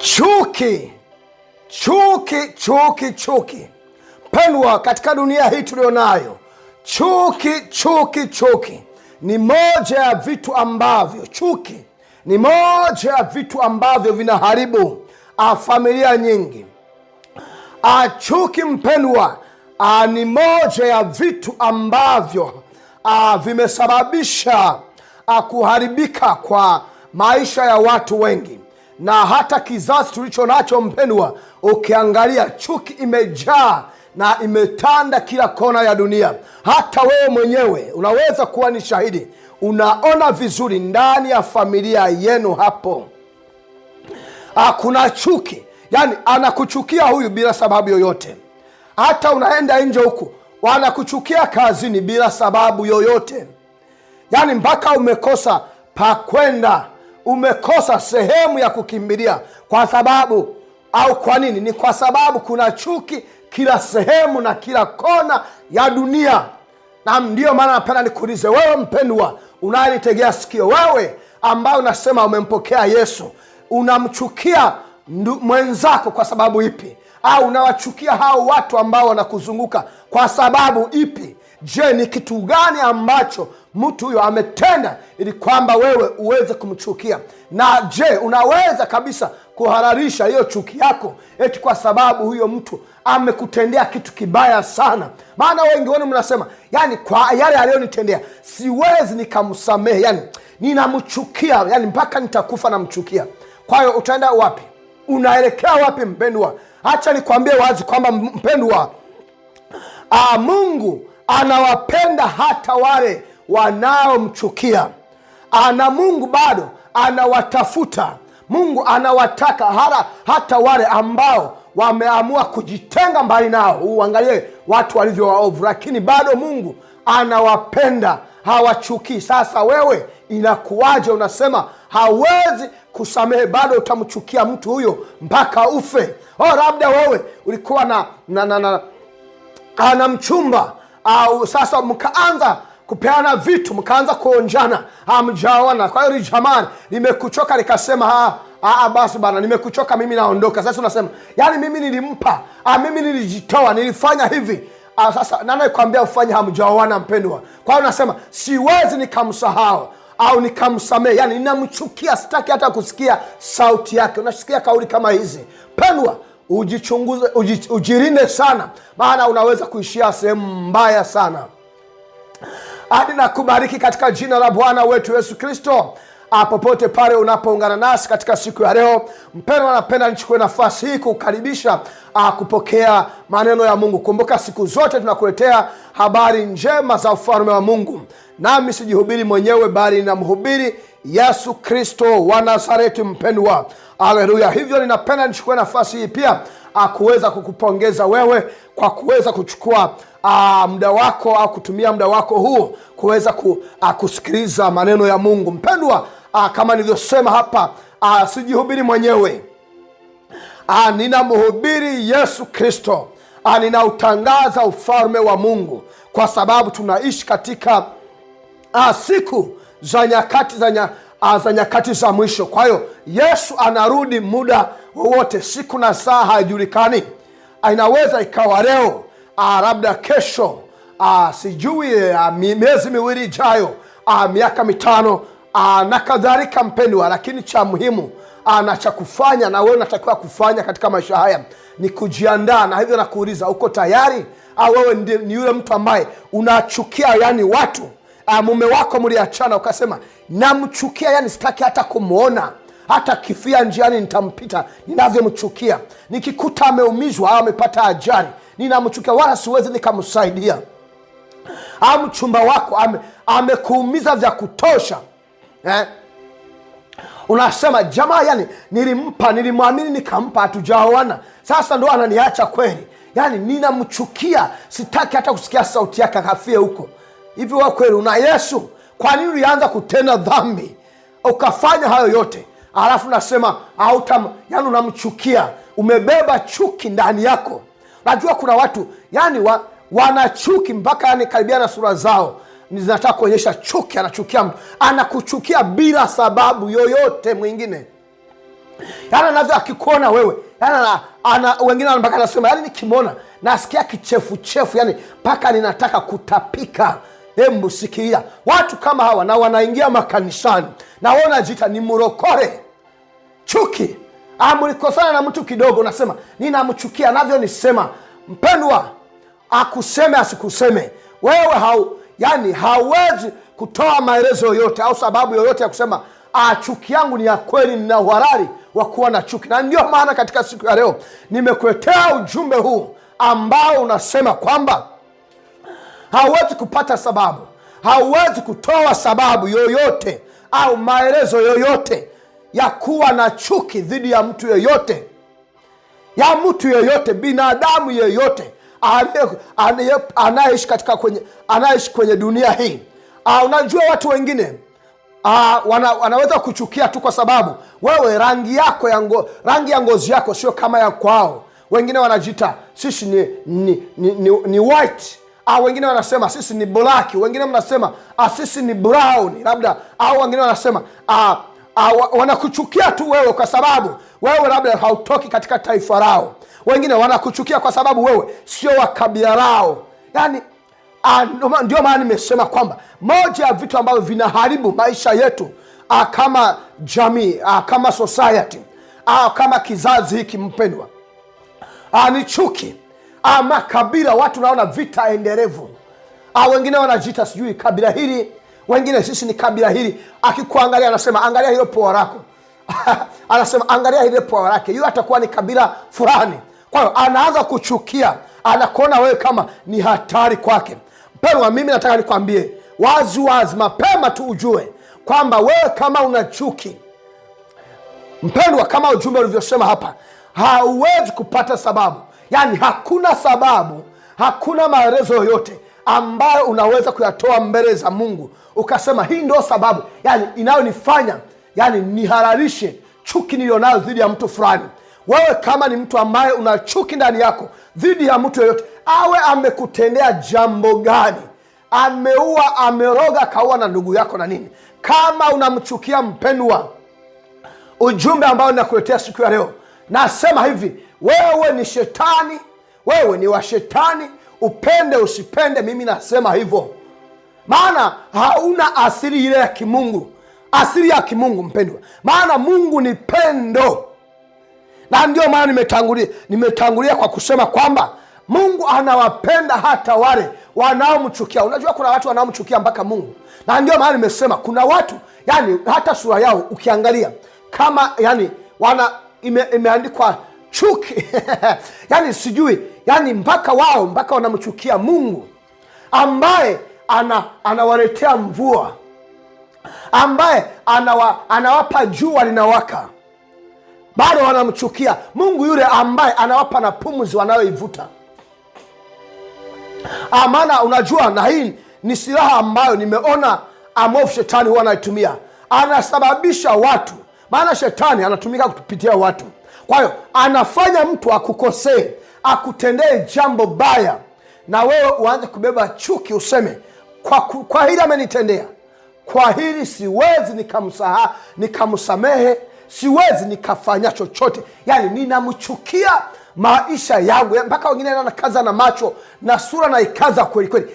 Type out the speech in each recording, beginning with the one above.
Chuki, chuki, chuki, chuki. Pendwa, katika dunia hii tulionayo, chuki, chuki, chuki ni moja ya vitu ambavyo, chuki ni moja ya vitu ambavyo vinaharibu ah, familia nyingi. A, ah, chuki mpendwa, a, ah, ni moja ya vitu ambavyo a, vimesababisha a, kuharibika kwa maisha ya watu wengi na hata kizazi tulicho nacho, mpendwa, ukiangalia chuki imejaa na imetanda kila kona ya dunia. Hata wewe mwenyewe unaweza kuwa ni shahidi, unaona vizuri ndani ya familia yenu hapo kuna chuki, yani anakuchukia huyu bila sababu yoyote. Hata unaenda nje huku wanakuchukia kazini bila sababu yoyote, yani mpaka umekosa pa kwenda umekosa sehemu ya kukimbilia. Kwa sababu au kwa nini? Ni kwa sababu kuna chuki kila sehemu na kila kona ya dunia, na ndiyo maana napenda nikuulize wewe mpendwa, unayenitegea sikio, wewe ambayo unasema umempokea Yesu, unamchukia mwenzako kwa sababu ipi? Au unawachukia hao watu ambao wanakuzunguka kwa sababu ipi? Je, ni kitu gani ambacho mtu huyo ametenda, ili kwamba wewe uweze kumchukia. Na je, unaweza kabisa kuhararisha hiyo chuki yako eti kwa sababu huyo mtu amekutendea kitu kibaya sana? Maana wengi wenu mnasema, yani kwa yale aliyonitendea siwezi nikamsamehe, yani ninamchukia, yani mpaka nitakufa namchukia. Kwa hiyo utaenda wapi? Unaelekea wapi, mpendwa? Hacha nikwambie wazi kwamba mpendwa, ah, Mungu anawapenda hata wale wanaomchukia. Ana Mungu bado anawatafuta, Mungu anawataka hara, hata wale ambao wameamua kujitenga mbali nao. Uangalie watu walivyo waovu, lakini bado Mungu anawapenda, hawachukii. Sasa wewe inakuwaje? Unasema hawezi kusamehe, bado utamchukia mtu huyo mpaka ufe? Oh, labda wewe ulikuwa na na, na, na na mchumba au sasa mkaanza kupeana vitu, mkaanza kuonjana, hamjaoana. Kwa hiyo jamani, nimekuchoka nikasema Aa, basi bana, nimekuchoka mimi, naondoka sasa. Unasema yani mimi nilimpa, ah, mimi nilijitoa, nilifanya hivi. Aa, sasa nanakwambia ufanye, hamjaoana mpendwa. Kwa hiyo unasema siwezi nikamsahau au nikamsamehe, yani ninamchukia, sitaki hata kusikia sauti yake. Unasikia kauli kama hizi pendwa, ujichunguze, uji, ujirinde sana, maana unaweza kuishia sehemu mbaya sana hadi na kubariki katika jina la Bwana wetu Yesu Kristo. Ah, popote pale unapoungana nasi katika siku ya leo, mpendo anapenda nichukue nafasi hii kukaribisha ah, kupokea maneno ya Mungu. Kumbuka siku zote tunakuletea habari njema za ufalme wa Mungu, nami sijihubiri mwenyewe, bali ninamhubiri Yesu Kristo wa Nazareti mpendwa. aleluya Hivyo ninapenda nichukue nafasi hii pia Ah, kuweza kukupongeza wewe kwa kuweza kuchukua ah, muda wako au kutumia muda wako huu kuweza ku, ah, kusikiliza maneno ya Mungu. Mpendwa, kama nilivyosema hapa, sijihubiri mwenyewe, nina ninamhubiri Yesu Kristo, ninautangaza ufalme wa Mungu kwa sababu tunaishi katika siku za nyakati za nyakati za nyakati za mwisho. Kwa hiyo Yesu anarudi muda wowote, siku na saa haijulikani. Inaweza ikawa leo, ah, labda kesho, ah, sijui ah, miezi miwili ijayo, miaka mitano na kadhalika, mpendwa. Lakini cha muhimu na cha kufanya na wewe unatakiwa kufanya katika maisha haya ni kujiandaa, na hivyo nakuuliza, uko tayari? Au wewe ni yule mtu ambaye unachukia yani watu uh, mume wako mliachana, ukasema namchukia, yani sitaki hata kumwona hata kifia njiani nitampita, ninavyomchukia. Nikikuta ameumizwa au amepata ajali, ninamchukia, wala siwezi nikamsaidia. Au ah, mchumba wako amekuumiza ame vya kutosha eh? Unasema jamaa, yani nilimpa, nilimwamini, nikampa, hatujaoana, sasa ndo ananiacha kweli? Yani ninamchukia, sitaki hata kusikia sauti yake, akafie huko hivi wewe kweli una Yesu? Kwa nini ulianza kutenda dhambi ukafanya hayo yote alafu nasema autam, yani unamchukia, umebeba chuki ndani yako. Najua kuna watu yani wa, wana chuki mpaka yani karibia na sura zao zinataka kuonyesha chuki, anachukia mtu, anakuchukia bila sababu yoyote mwingine, yani anavyo akikuona wewe yani ana, wengine mpaka anasema yani, nikimwona nasikia kichefuchefu, yani mpaka ninataka kutapika Hebu sikia watu kama hawa, na wanaingia makanisani naona jita ni murokore, chuki. Amlikosana na mtu kidogo, nasema ninamchukia, navyo nisema mpendwa, akuseme asikuseme, wewe hau, yani hauwezi kutoa maelezo yoyote au sababu yoyote ya kusema ah, chuki yangu ni ya kweli, nina uharari wa kuwa na chuki. Na ndio maana katika siku ya leo nimekuetea ujumbe huu ambao unasema kwamba hauwezi kupata sababu, hauwezi kutoa sababu yoyote au maelezo yoyote ya kuwa na chuki dhidi ya mtu yoyote, ya mtu yoyote, binadamu yoyote anayeishi katika kwenye anayeishi kwenye dunia hii. Aa, ah, unajua watu wengine aa, ah, wana, wanaweza kuchukia tu kwa sababu wewe rangi yako ya ngo, rangi ya ngozi yako sio kama ya kwao. Wengine wanajiita sisi ni, ni, ni, ni, ni white au ah, wengine wanasema sisi ni black, wengine mnasema ah, sisi ni brown labda, au ah, wengine wanasema wanakuchukia tu wewe kwa sababu wewe labda hautoki katika taifa lao, wengine wanakuchukia kwa sababu wewe sio wa kabila lao. Yani ndio maana nimesema kwamba moja ya vitu ambavyo vinaharibu maisha yetu a, kama jamii a, kama society a, kama kizazi hiki mpendwa ni chuki ama kabila. Watu naona vita endelevu, ah, wengine wanajiita sijui kabila hili, wengine sisi ni kabila hili. Akikuangalia anasema angalia hilo poa lako anasema angalia ile poa lake, yule atakuwa ni kabila fulani. Kwa hiyo anaanza kuchukia, anakuona wewe kama ni hatari kwake. Mpendwa, mimi nataka nikwambie wazi wazi, mapema tu ujue kwamba wewe kama una chuki, mpendwa, kama ujumbe ulivyosema hapa, hauwezi kupata sababu Yaani hakuna sababu, hakuna maelezo yoyote ambayo unaweza kuyatoa mbele za Mungu ukasema hii ndio sababu yani inayonifanya yani nihararishe chuki niliyonayo dhidi ya mtu fulani. Wewe kama ni mtu ambaye una chuki ndani yako dhidi ya mtu yoyote awe amekutendea jambo gani, ameua, ameroga, akaua na ndugu yako na nini, kama unamchukia mpendwa, ujumbe ambao nakuletea siku ya leo nasema hivi wewe ni shetani, wewe ni wa shetani, upende usipende. Mimi nasema hivyo, maana hauna asili ile ya kimungu, asili ya kimungu mpendwa, maana Mungu ni pendo, na ndio maana nimetangulia, nimetangulia kwa kusema kwamba Mungu anawapenda hata wale wanaomchukia. Unajua kuna watu wanaomchukia mpaka Mungu, na ndio maana nimesema kuna watu yani hata sura yao ukiangalia kama yani wana ime, imeandikwa chuki yani sijui yani mpaka wao mpaka wanamchukia Mungu ambaye ana, anawaletea mvua ambaye anawa, anawapa jua linawaka bado wanamchukia Mungu yule ambaye anawapa na pumzi wanayoivuta. Maana unajua, na hii ni silaha ambayo nimeona amofu shetani huwa anaitumia, anasababisha watu, maana shetani anatumika kupitia watu kwa hiyo anafanya mtu akukosee, akutendee jambo baya, na wewe uanze kubeba chuki, useme kwa, kwa hili amenitendea, kwa hili siwezi nikamsaha nikamsamehe, siwezi nikafanya chochote, yani ninamchukia maisha yangu mpaka wengine anakaza na macho na sura naikaza kweli kweli,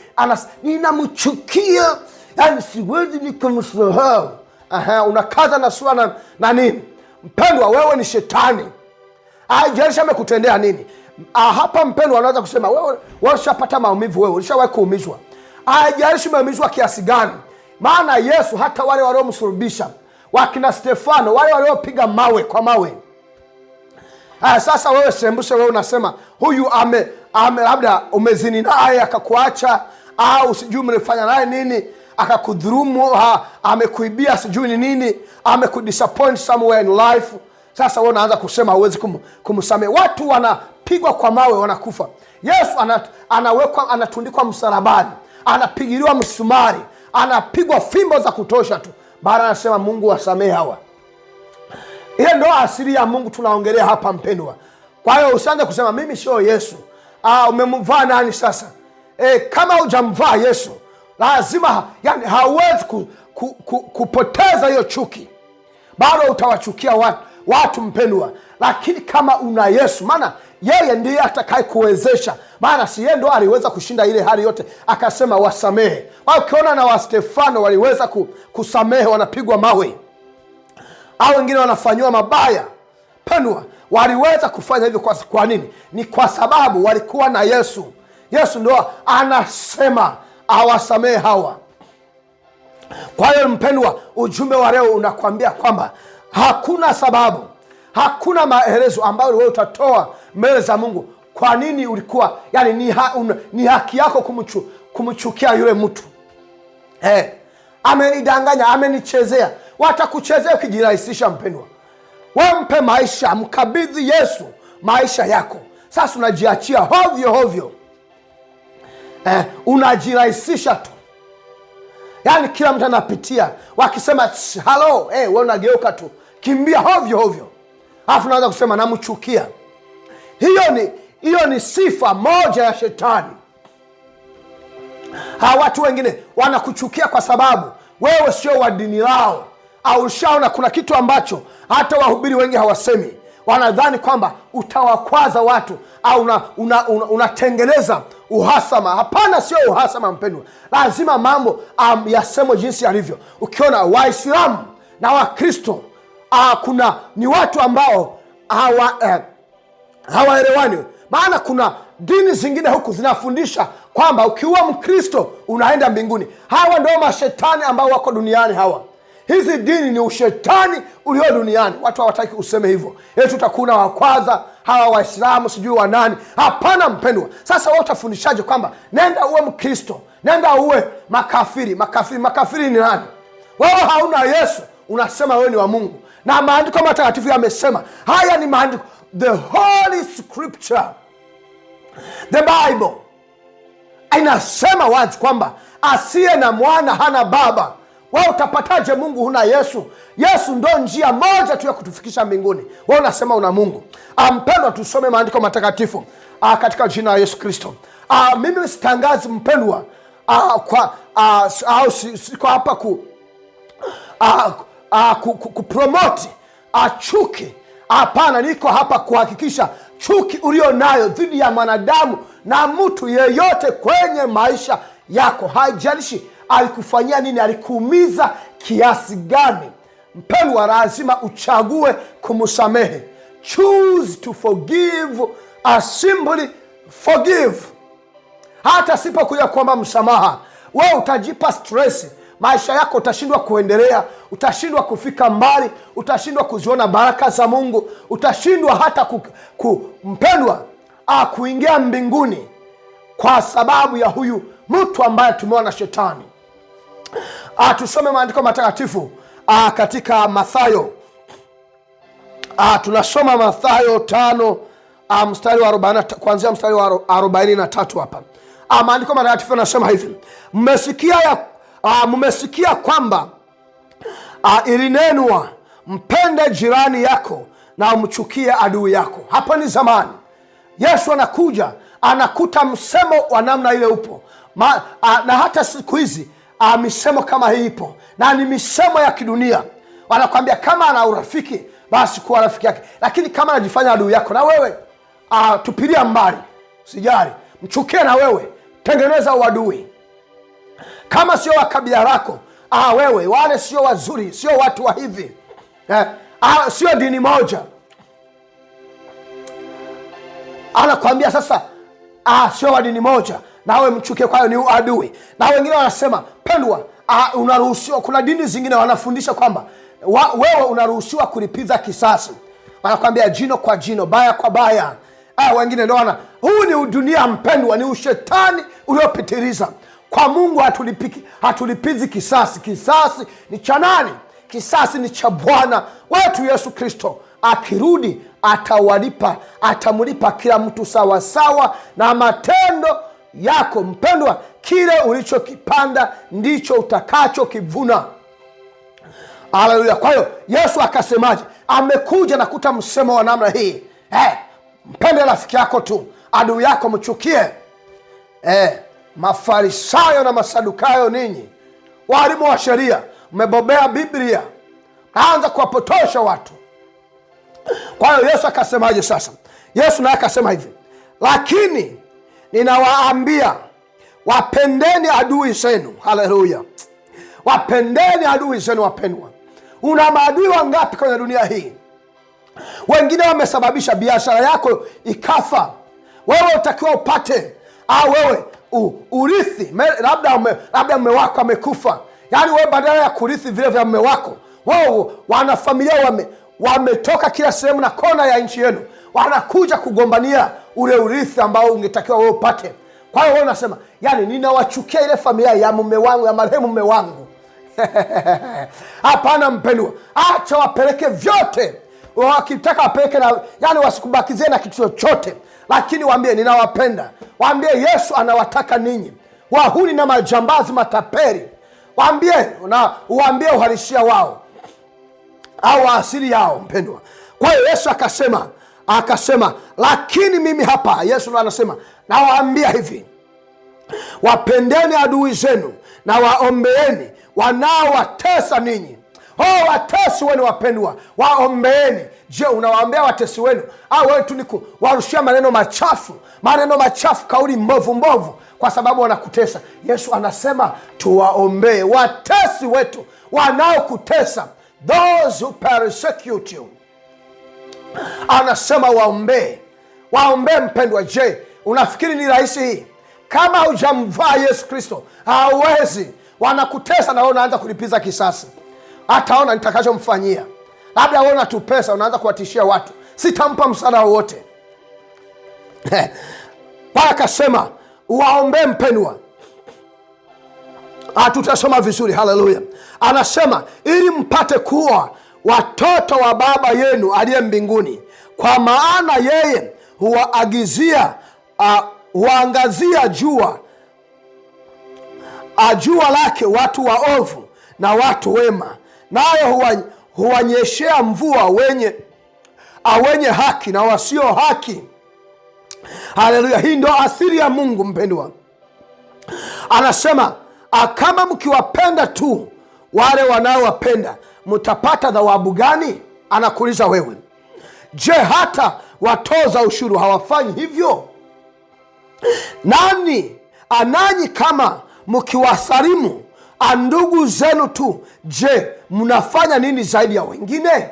ninamchukia yani siwezi nikamsahau. Unakaza na sura na, na nini? Mpendwa, wewe ni shetani. Haijalishi ah, amekutendea nini. Ah, hapa mpendwa, anaweza kusema wewe, wewe ushapata maumivu, wewe ulishawahi kuumizwa. Haijalishi ah, umeumizwa kiasi gani, maana Yesu hata wale waliomsulubisha wakina Stefano, wale waliopiga mawe kwa mawe. Aya, sasa wewe sembuse, wewe unasema huyu ame, ame labda umezini naye akakuacha, au sijui mlifanya naye nini akakudhurumu, amekuibia, sijui ni nini, amekudisappoint somewhere in life sasa wewe unaanza kusema huwezi kum, kumsamehe. Watu wanapigwa kwa mawe wanakufa. Yesu ana, anawekwa anatundikwa msalabani, anapigiliwa msumari, anapigwa fimbo za kutosha tu, Bara anasema Mungu wasamehe hawa. Hiyo ndo asili ya Mungu tunaongelea hapa, mpendwa. Kwa hiyo usianze kusema mimi sio Yesu. Ah, umemvaa nani sasa? E, kama hujamvaa Yesu lazima yani, hauwezi ku, ku, ku, kupoteza hiyo chuki, bado utawachukia watu watu mpendwa, lakini kama una Yesu, maana yeye ndiye atakayekuwezesha, maana si yeye ndo aliweza kushinda ile hali yote, akasema wasamehe. Ukiona na Wastefano waliweza kusamehe, wanapigwa mawe au wengine wanafanyiwa mabaya, pendwa, waliweza kufanya hivyo kwa, nini? Ni kwa sababu walikuwa na Yesu. Yesu ndo anasema awasamehe hawa. Kwa hiyo mpendwa, ujumbe wa leo unakuambia kwamba Hakuna sababu, hakuna maelezo ambayo wewe utatoa mbele za Mungu. Kwa nini ulikuwa yani, ni, ha, un, ni haki yako kumuchu, kumchukia yule mtu eh, amenidanganya, amenichezea. Watakuchezea ukijirahisisha. Mpendwa, we mpe maisha, mkabidhi Yesu maisha yako. Sasa unajiachia hovyo hovyo eh, unajirahisisha tu yani, kila mtu anapitia wakisema halo eh, we unageuka tu kimbia hovyo hovyo, alafu naweza kusema namchukia. Hiyo ni hiyo ni sifa moja ya shetani. Hawa watu wengine wanakuchukia kwa sababu wewe sio wa dini lao, au ushaona kuna kitu ambacho hata wahubiri wengi hawasemi. Wanadhani kwamba utawakwaza watu au unatengeneza una, una, una uhasama. Hapana, sio uhasama mpendwa, lazima mambo um, yasemwe jinsi yalivyo. Ukiona Waislamu na Wakristo ah, kuna ni watu ambao hawa eh, hawaelewani. Maana kuna dini zingine huku zinafundisha kwamba ukiwa Mkristo unaenda mbinguni. Hawa ndio mashetani ambao wako duniani hawa Hizi dini ni ushetani ulio duniani. Watu hawataki useme hivyo, eti eh, utakuna wa kwanza hawa Waislamu sijui wanani Hapana mpendwa. Sasa wewe utafundishaje kwamba nenda uwe Mkristo, nenda uwe makafiri? Makafiri, makafiri ni nani? Wewe hauna Yesu, unasema wewe ni wa Mungu na maandiko matakatifu yamesema haya ni maandiko, the holy scripture, the Bible inasema wazi kwamba asiye na mwana hana baba. wa utapataje Mungu huna Yesu? Yesu ndo njia moja tu ya kutufikisha mbinguni, wa unasema una Mungu. Ah, mpendwa, tusome maandiko matakatifu ah, katika jina la Yesu Kristo. Ah, mimi sitangazi mpendwa, kwa hapa ku Ah, kupromoti ah, chuki. Hapana, niko hapa kuhakikisha chuki ulio nayo dhidi ya mwanadamu na mtu yeyote kwenye maisha yako, haijalishi alikufanyia nini, alikuumiza kiasi gani, mpendwa, lazima uchague kumsamehe. Choose to forgive, simply forgive. Hata sipokuja kuomba msamaha, we utajipa stress maisha yako utashindwa kuendelea, utashindwa kufika mbali, utashindwa kuziona baraka za Mungu, utashindwa hata kumpendwa ah, kuingia mbinguni kwa sababu ya huyu mtu ambaye tumeona shetani. A, ah, tusome maandiko matakatifu a, ah, katika Mathayo a, tunasoma Mathayo tano mstari wa kuanzia mstari wa 4 na tatu hapa. Maandiko matakatifu anasema hivi mmesikia ya uh, ah, mmesikia kwamba uh, ah, ilinenwa mpende jirani yako na umchukie adui yako. Hapa ni zamani. Yesu anakuja anakuta msemo wa namna ile upo Ma, a, ah, na hata siku hizi misemo kama hii ipo na ni misemo ya kidunia. Wanakwambia kama ana urafiki basi kuwa rafiki yake, lakini kama anajifanya adui yako, na wewe a, tupilia mbali, sijali, mchukie na wewe, tengeneza uadui kama sio wakabila lako ah, wewe wale sio wazuri, sio watu wa hivi eh, ah, sio dini moja. Anakwambia sasa, ah, sio wa dini moja, nawe mchuke, kwayo ni uadui. Na wengine wanasema pendwa, ah, unaruhusiwa. Kuna dini zingine wanafundisha kwamba wa, wewe unaruhusiwa kulipiza kisasi, wanakwambia jino kwa jino, baya kwa baya. Ah, wengine ndio wana, huu ni dunia mpendwa, ni ushetani uliopitiliza. Kwa Mungu hatulipi, hatulipizi kisasi. Kisasi ni cha nani? Kisasi ni cha Bwana wetu Yesu Kristo. Akirudi atawalipa, atamlipa kila mtu sawasawa na matendo yako. Mpendwa, kile ulichokipanda ndicho utakachokivuna. aleluya Kwa hiyo Yesu akasemaje? Amekuja na kuta msemo wa namna hii, hey, eh, mpende rafiki yako tu, adui yako mchukie, hey. Eh, Mafarisayo na Masadukayo, ninyi walimu wa sheria, mmebobea Biblia, aanza kuwapotosha watu. Kwa hiyo Yesu akasemaje sasa? Yesu naye akasema hivi, lakini ninawaambia wapendeni adui zenu. Haleluya, wapendeni adui zenu. Wapendwa, una maadui wangapi kwenye dunia hii? Wengine wamesababisha biashara yako ikafa, wewe utakiwa upate, au wewe urithi labda labda mme wako amekufa, yaani wewe badala ya kurithi vile vya mme wako, wao wanafamilia wame wametoka kila sehemu na kona ya nchi yenu, wanakuja kugombania ule urithi ambao ungetakiwa wewe upate. Kwa hiyo wewe unasema yani, ninawachukia ile familia ya mume wangu, ya marehemu mume wangu. Hapana mpendwa, acha wapeleke vyote wakitaka wapeleke na, yani wasikubakizie na kitu chochote lakini waambie ninawapenda, waambie Yesu anawataka ninyi, wahuni na majambazi mataperi, waambie na uwaambie uhalisia wao au asili yao, mpendwa. Kwa hiyo Yesu akasema akasema, lakini mimi hapa, Yesu ndo anasema nawaambia hivi, wapendeni adui zenu na waombeeni wanaowatesa ninyi. Oh, watesi weni wapendwa, waombeeni Je, unawaambia watesi wenu au wewe tu ni kuwarushia maneno machafu, maneno machafu, kauli mbovu mbovu, kwa sababu wanakutesa? Yesu anasema tuwaombee watesi wetu wanaokutesa, those who persecute you. Anasema waombee, waombee mpendwa. Je, unafikiri ni rahisi hii? Kama hujamvaa Yesu Kristo hawezi, wanakutesa na wewe unaanza kulipiza kisasi, ataona nitakachomfanyia labda uona tu pesa, unaanza kuwatishia watu, sitampa msaada wowote. Bwana akasema waombe mpendwa. Ah, tutasoma vizuri, haleluya. Anasema ili mpate kuwa watoto wa Baba yenu aliye mbinguni, kwa maana yeye huwaagizia ah, huwaangazia uh, jua ajua ah, lake watu waovu na watu wema, nayo huwanyeshea mvua wenye awenye haki na wasio haki. Haleluya! Hii ndo asili ya Mungu mpendwa. Anasema ah, kama mkiwapenda tu wale wanaowapenda mtapata thawabu gani? Anakuuliza wewe. Je, hata watoza ushuru hawafanyi hivyo? Nani ananyi kama mkiwasalimu andugu ah, zenu tu. Je, mnafanya nini zaidi ya wengine?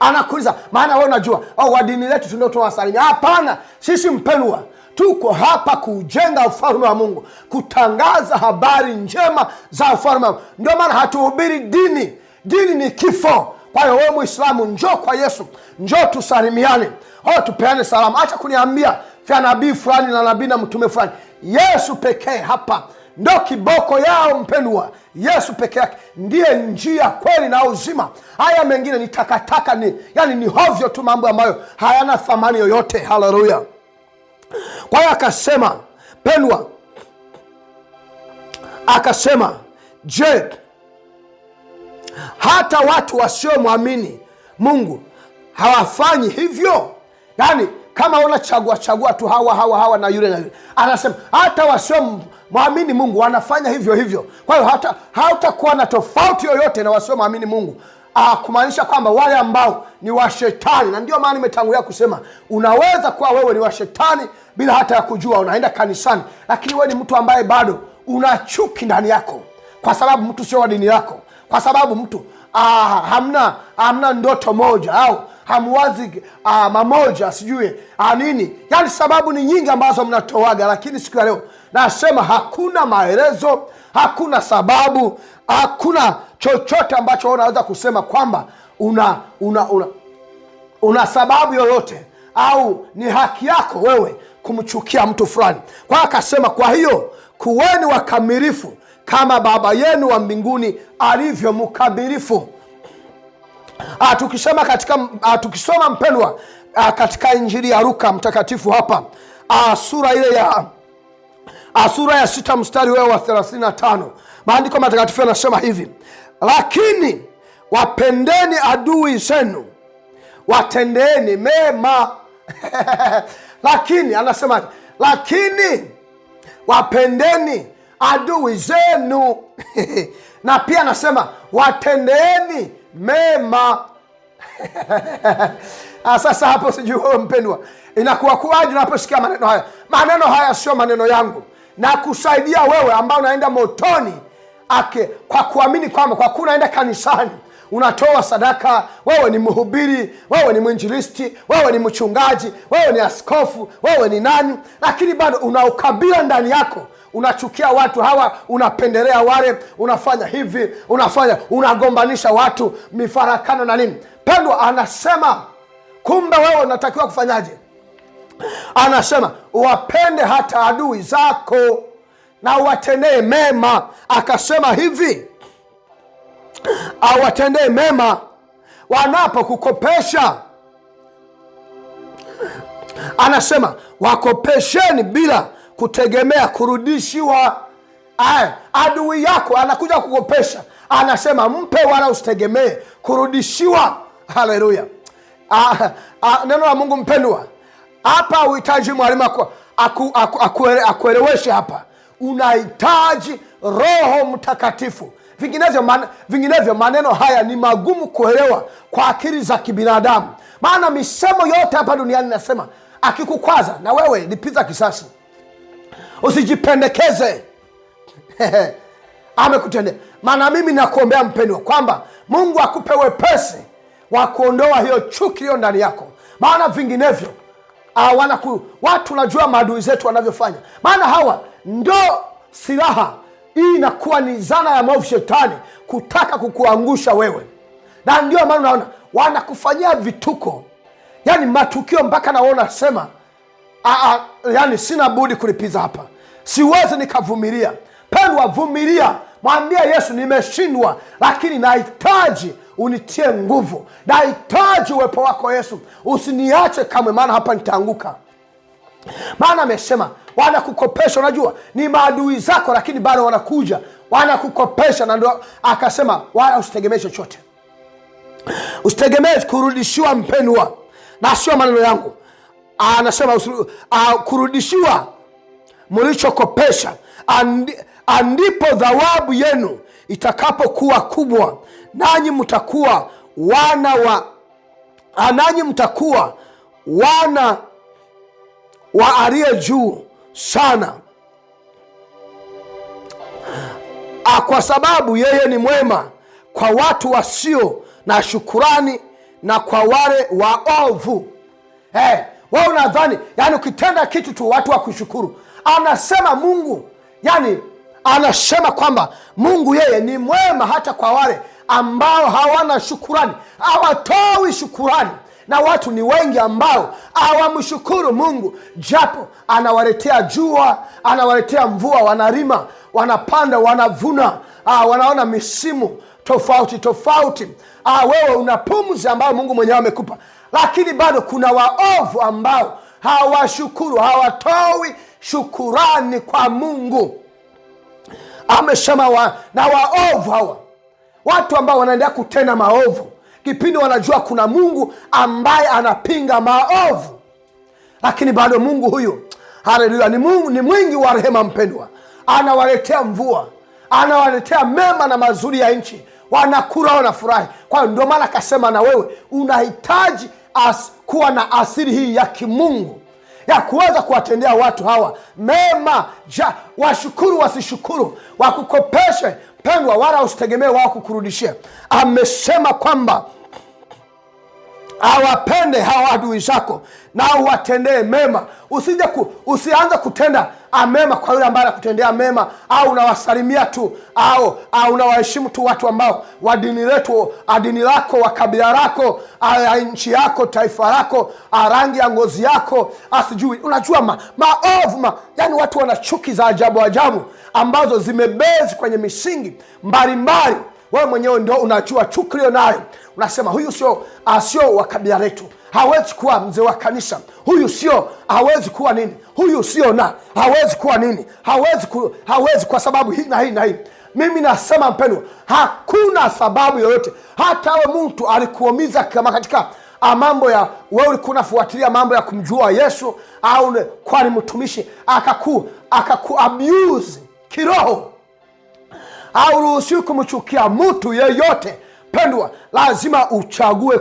Anakuuliza, maana we unajua wadini oh, wa dini letu tunaotoa salimia. Hapana, sisi mpendwa, tuko hapa kujenga ufalme wa Mungu, kutangaza habari njema za ufalme wa Ndio maana hatuhubiri dini. Dini ni kifo. Kwa hiyo wewe Mwislamu, njo kwa Yesu, njo tusalimiane, o oh, tupeane salamu. Acha kuniambia vya nabii fulani na nabii na mtume fulani. Yesu pekee hapa ndo kiboko yao mpendwa. Yesu peke yake ndiye njia, kweli na uzima. Haya mengine ni takataka, ni yani ni hovyo tu, mambo ambayo hayana thamani yoyote. Haleluya! Kwa hiyo akasema, pendwa, akasema je, hata watu wasiomwamini Mungu hawafanyi hivyo? Yani kama unachagua chagua tu hawa hawa hawa na yule na yule, anasema hata wasio mwamini Mungu wanafanya hivyo hivyo. Kwa hiyo hata hautakuwa na tofauti yoyote na mwamini Mungu. Ah, kumaanisha kwamba wale ambao ni washetani, na ndio maana nimetangulia kusema unaweza kuwa wewe ni washetani bila hata ya kujua. Unaenda kanisani, lakini wewe ni mtu ambaye bado una chuki ndani yako, kwa sababu mtu sio wa dini yako, kwa sababu mtu ah, hamna hamna ndoto moja au hamwazi uh, mamoja sijui uh, nini, yani sababu ni nyingi ambazo mnatoaga, lakini siku ya leo nasema hakuna maelezo, hakuna sababu, hakuna chochote ambacho unaweza kusema kwamba una una, una una sababu yoyote au ni haki yako wewe kumchukia mtu fulani. Kwa akasema, kwa hiyo kuweni wakamilifu kama Baba yenu wa mbinguni alivyo mkamilifu. Ah, tukisema katika ah, tukisoma mpendwa ah, katika Injili ya Luka mtakatifu hapa ah, sura ile ya ah, sura ya sita mstari wewe wa 35 maandiko matakatifu yanasema hivi: lakini wapendeni adui zenu, watendeeni mema lakini anasema lakini wapendeni adui zenu na pia anasema watendeeni mema ah, Sasa hapo sijui wewe mpendwa, inakuwa kuwaje unaposikia maneno haya? Maneno haya sio maneno yangu, na kusaidia wewe ambao unaenda motoni ake kwa kuamini kwamba kwa kuwa unaenda kanisani unatoa sadaka, wewe ni mhubiri, wewe ni mwinjilisti, wewe ni mchungaji, wewe ni askofu, wewe ni nani, lakini bado unaukabila ndani yako. Unachukia watu hawa, unapendelea wale, unafanya hivi, unafanya unagombanisha watu, mifarakano na nini. Pendwa anasema kumbe wewe unatakiwa kufanyaje? Anasema wapende hata adui zako na uwatendee mema. Akasema hivi watendee mema wanapokukopesha. Anasema wakopesheni bila kutegemea kurudishiwa. Ay, adui yako anakuja kukopesha, anasema mpe, wala usitegemee kurudishiwa. Haleluya! Ah, ah, neno la Mungu mpendwa, hapa uhitaji mwalimu akueleweshe aku, aku, aku, aku, hapa unahitaji Roho Mtakatifu. Vinginevyo man, vinginevyo maneno haya ni magumu kuelewa kwa akili za kibinadamu, maana misemo yote hapa duniani nasema, akikukwaza na wewe lipiza kisasi, usijipendekeze amekutendea. Maana mimi nakuombea mpendwa, kwamba Mungu akupe wepesi wa kuondoa hiyo chuki iliyo ndani yako, maana vinginevyo ah, wanaku, watu najua maadui zetu wanavyofanya, maana hawa ndo silaha hii inakuwa ni zana ya maovu shetani kutaka kukuangusha wewe, na ndio maana unaona wanakufanyia vituko, yani matukio mpaka naona sema ah, ah, yani, sina budi kulipiza hapa, siwezi nikavumilia. Pendwa, vumilia, mwambia Yesu, nimeshindwa, lakini nahitaji unitie nguvu, nahitaji uwepo wako Yesu, usiniache kamwe, maana hapa nitaanguka. Maana amesema wanakukopesha. Unajua ni maadui zako, lakini bado wanakuja wanakukopesha, na ndo akasema wala usitegemee chochote, usitegemee kurudishiwa, mpendwa, na sio maneno yangu. Anasema kurudishiwa mlichokopesha, andipo thawabu yenu itakapokuwa kubwa, nanyi mtakuwa wana wa nanyi mtakuwa wana wa aliye juu sana, ah, kwa sababu yeye ni mwema kwa watu wasio na shukurani na kwa wale waovu. Hey, eh, wewe unadhani yani ukitenda kitu tu watu wakushukuru? Anasema Mungu yani anasema kwamba Mungu yeye ni mwema hata kwa wale ambao hawana shukurani, hawatoi shukurani na watu ni wengi ambao hawamshukuru Mungu, japo anawaletea jua, anawaletea mvua, wanarima, wanapanda, wanavuna, ah, wanaona misimu tofauti tofauti. Ah, wewe una pumzi ambayo Mungu mwenyewe amekupa, lakini bado kuna waovu ambao hawashukuru, hawatoi shukurani kwa Mungu. Amesema wa, na waovu hawa watu ambao wanaendelea kutenda maovu kipindi wanajua kuna Mungu ambaye anapinga maovu, lakini bado Mungu huyu, haleluya, ni Mungu, ni mwingi wa rehema. Mpendwa, anawaletea mvua, anawaletea mema na mazuri ya nchi, wanakula, wanafurahi. Kwa hiyo ndio maana akasema na wewe unahitaji as, kuwa na asili hii ya kimungu ya kuweza kuwatendea watu hawa mema. Ja, washukuru wasishukuru, wakukopeshe pendwa, wala usitegemee wao kukurudishia. Amesema kwamba awapende hawa adui zako na uwatendee mema. Usije ku, usianze kutenda amema kwa yule ambaye anakutendea mema, au unawasalimia tu au, au unawaheshimu tu watu ambao wa dini letu, dini lako, wa kabila lako, nchi yako, taifa lako, rangi ya ngozi yako, asijui unajua ma, maovu ma, yani watu wana chuki za ajabu ajabu ambazo zimebezi kwenye misingi mbalimbali wewe mwenyewe ndo unajua chuki nayo, unasema huyu sio ah, sio wa kabila letu, hawezi kuwa mzee wa kanisa, huyu sio, hawezi kuwa nini, huyu sio na hawezi kuwa nini, hawezi ku, hawezi kwa sababu hii na hii na hii. Mimi nasema mpendwa, hakuna sababu yoyote. Hata awe mtu alikuumiza kama katika ah, mambo ya wewe ulikuwa unafuatilia mambo ya kumjua Yesu au kwani mtumishi akaku akaku abuse kiroho hauruhusiwi kumchukia mtu yeyote. Pendwa, lazima uchague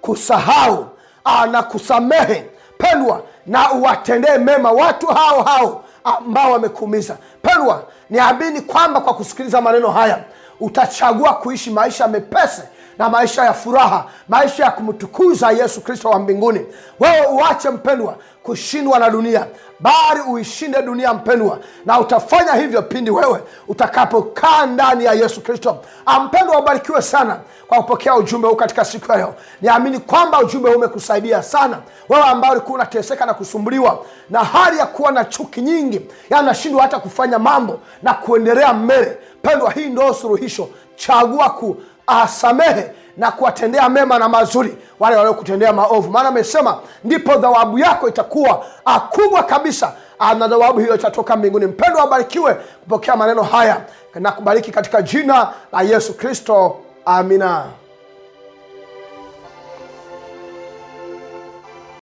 kusahau ah, na kusamehe, pendwa, na uwatendee mema watu hao hao ah, ambao wamekuumiza. Pendwa, niamini kwamba kwa kusikiliza maneno haya utachagua kuishi maisha mepese na maisha ya furaha, maisha ya kumtukuza Yesu Kristo wa mbinguni. Wewe uache mpendwa, kushindwa na dunia, bali uishinde dunia mpendwa, na utafanya hivyo pindi wewe utakapokaa ndani ya Yesu Kristo. Ampendwa, ah, ubarikiwe sana kwa kupokea ujumbe huu katika siku ya leo. Niamini kwamba ujumbe huu umekusaidia sana wewe, ambao ulikuwa unateseka na kusumbuliwa na hali ya kuwa na chuki nyingi, yaani nashindwa hata kufanya mambo na kuendelea mbele. Pendwa, hii ndio suluhisho. Chagua ku asamehe na kuwatendea mema na mazuri wale waliokutendea maovu, maana amesema ndipo dhawabu yako itakuwa kubwa kabisa na dhawabu hiyo itatoka mbinguni. mpendo abarikiwe kupokea maneno haya na kubariki katika jina la Yesu Kristo, amina.